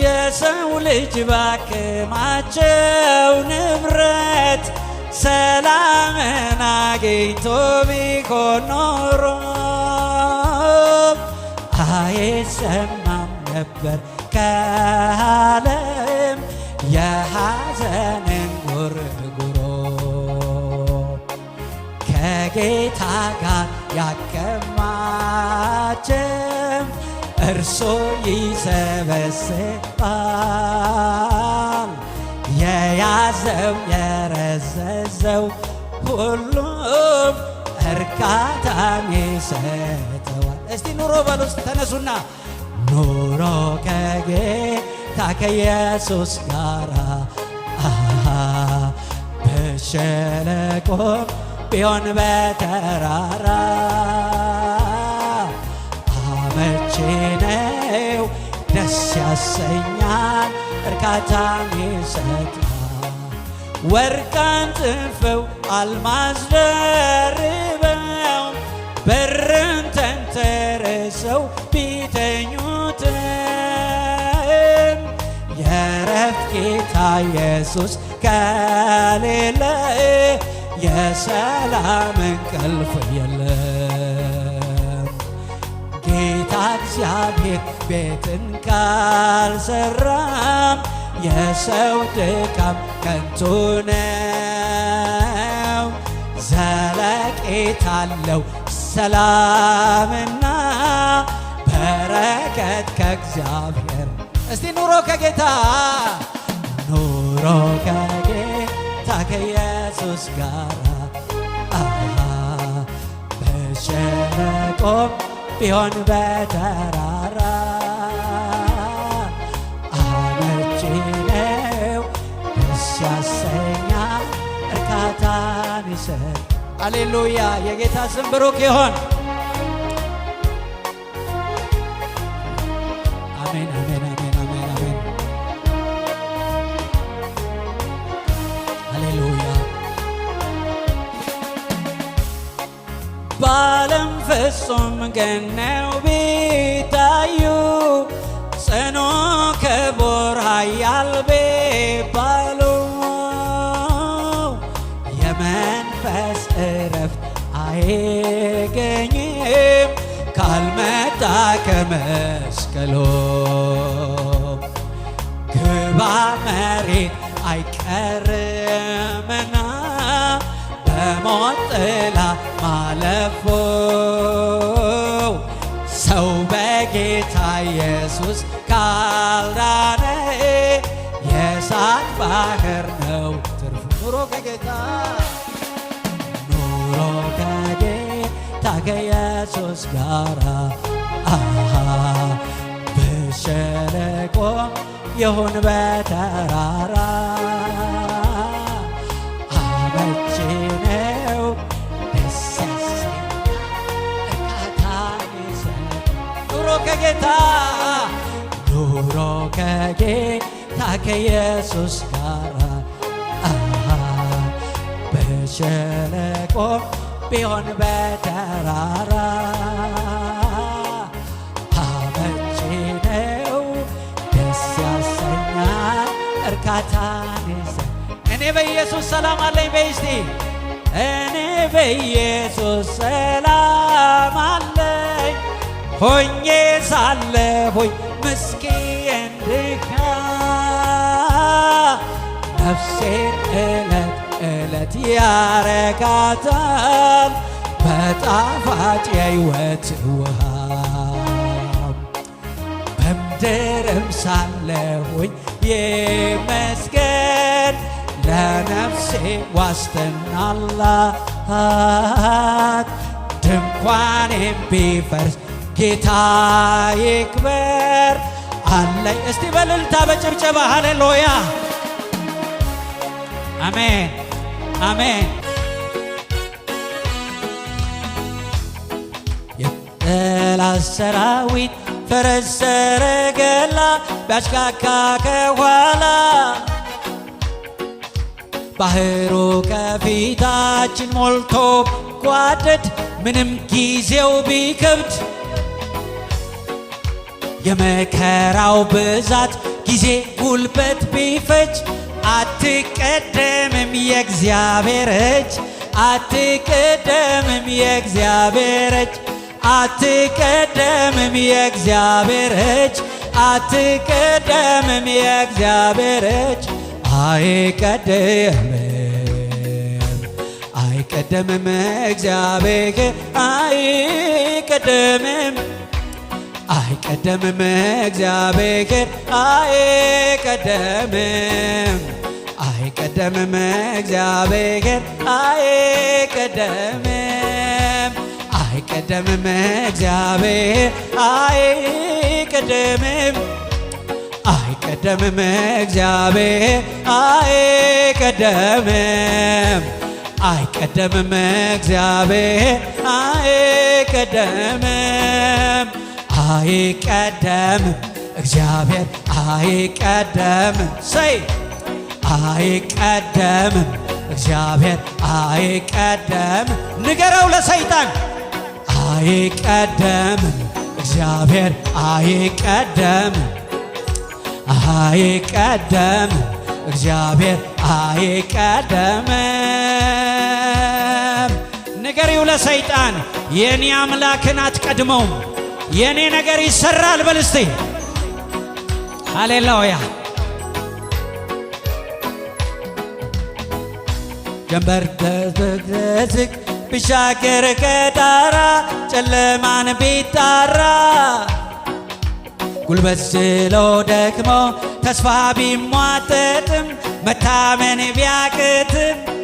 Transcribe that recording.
የሰው ልጅ ባከማቸው ንብረት ሰላምን አግኝቶ ቢሆን ኖሮ አይሰማም ነበር ከዓለም የሐዘንን ጉርጉሮ ከጌታ ጋር ያከማቸው እርሶ ይሰበስባል። የያዘው የረዘዘው ሁሉም እርካታን ይሰጠዋል። እስቲ ኑሮ በል ውስጥ ተነሱና ኑሮ ከጌታ ከኢየሱስ ጋራ በሸለቆም ቢሆን በተራራ ልጆቼ ነው ደስ ያሰኛል እርካታም ይሰጣል። ወርቃን ጥፈው አልማዝ ደርበው በርን ተንተርሰው ቢተኙትም የረፍት ጌታ ኢየሱስ ከሌለ የሰላም እንቅልፍ የለም። እግዚአብሔር ቤትን ካልሰራም የሰው ድካም ከንቱ ነው። ዘለቄታ አለው ሰላምና በረከት ከእግዚአብሔር። እስቲ ኑሮ ከጌታ ኑሮ ከጌታ ከኢየሱስ ጋር በሸለቆም ቢሆን በተራራ አመቺ ነው ደስ ያሰኛል እርካታን ይሰጥ። አሌሉያ! የጌታ ስም ብሩክ ይሆን። አሜን፣ አሜን፣ አሜን፣ በዓለም ፍጹም ገነው ቢታዩ ጽኑ ክቡር ኃያል ቢባሉ የመንፈስ እረፍት አይገኝም ካልመጣ ከመስቀሉ ግባ መሬት አይቀርምና በሞት ጥላ ማለፎ ኢየሱስ ካልዳነ የእሳት ባህር ነው ትርፉ ኑሮ ከጌታ ኑሮ ከጌታ ከኢየሱስ ጋራ ብሸለቆ ይሁን በተራራ አመቺ ነው ደስ ከጌታ አብሮ ከጌታ ከኢየሱስ ጋር በሸለቆ ቢሆን በተራራ አመቺ ነው ደስ ያሰኛል እርካታን ይዘ እኔ በኢየሱስ ሰላም አለኝ በይስቲ እኔ በኢየሱስ ሰላም አለኝ ሆኜ ሳለሁኝ ነፍሴን እለት እለት ያረጋታል በጣፋጭ የሕይወት ውሃ በምድርም ሳለሁኝ ይመስገን ለነፍሴ ዋስትናላት ድንኳኔም ቢፈርስ ጌታ ይክበር አለኝ። እስቲ በልልታ በጭብጨባ ሃሌሉያ አሜን አሜን። የጠላት ፈረስ ሰረገላ ቢያሽካካ ከኋላ ባህሩ ከፊታችን ሞልቶ ጓደድ ምንም ጊዜው ቢከብድ የመከራው ብዛት ጊዜ ጉልበት ቢፈጅ አትቀደምም የእግዚአብሔር እጅ አትቀደምም የእግዚአብሔር እጅ አትቀደምም የእግዚአብሔር እጅ አትቀደምም የእግዚአብሔር እጅ አይቀደምም አይቀደምም እግዚአብሔር አይቀደምም አይቀደምም እግዚአብሔር አይቀደምም አይቀደምም እግዚአብሔር አይቀደምም አይቀደምም እግዚአብሔር አይቀደምም አይቀደምም እግዚአብሔር አይቀደምም አይቀደምም እግዚአብሔር አይቀደምም አይቀደም እግዚአብሔር አይቀደም ሰይ አይቀደም እግዚአብሔር አይቀደም ንገረው ለሰይጣን አይቀደም እግዚአብሔር አይቀደም አይቀደም እግዚአብሔር አይቀደምም ንገሪው ለሰይጣን የእኔ አምላክን አትቀድመውም የኔ ነገር ይሰራል በል እስቲ ሃሌሉያ። ጀንበር ደዝግዝግ ቢሻገር ከጣራ ጨለማን ቢጣራ ጉልበት ስሎ ደክሞ ተስፋ ቢሟጠጥም መታመን ቢያቅትም